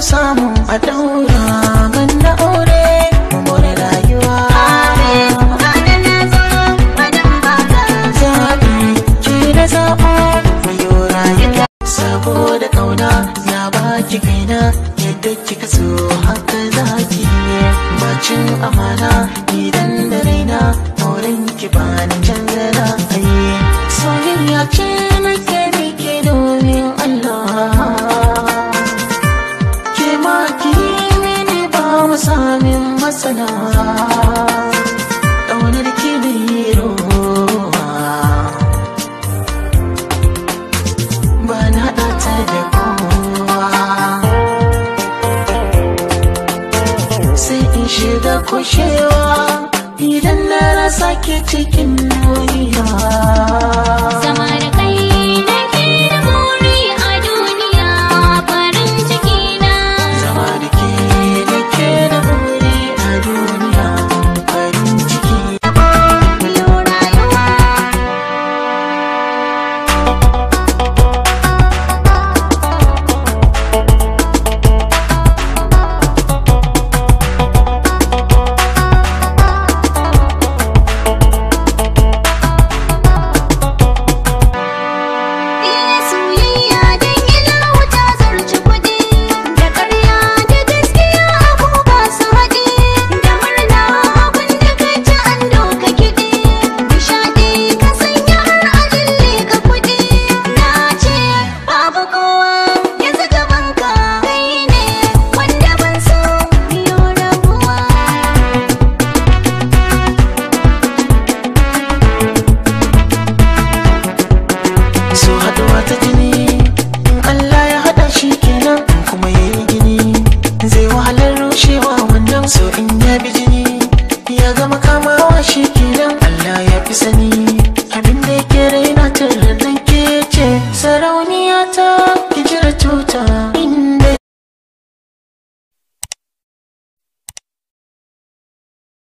so samu a daura man na aure more rayuwa Saboda ƙauna na baki kaina yadda kika so haka zaki bacin amana idan da raina auren ki bani canza ra'ayi soyayya ce ƙaunar ki biro ba na ɗata da kowa sai in shiga kushewa idan na rasa ke cikin baby,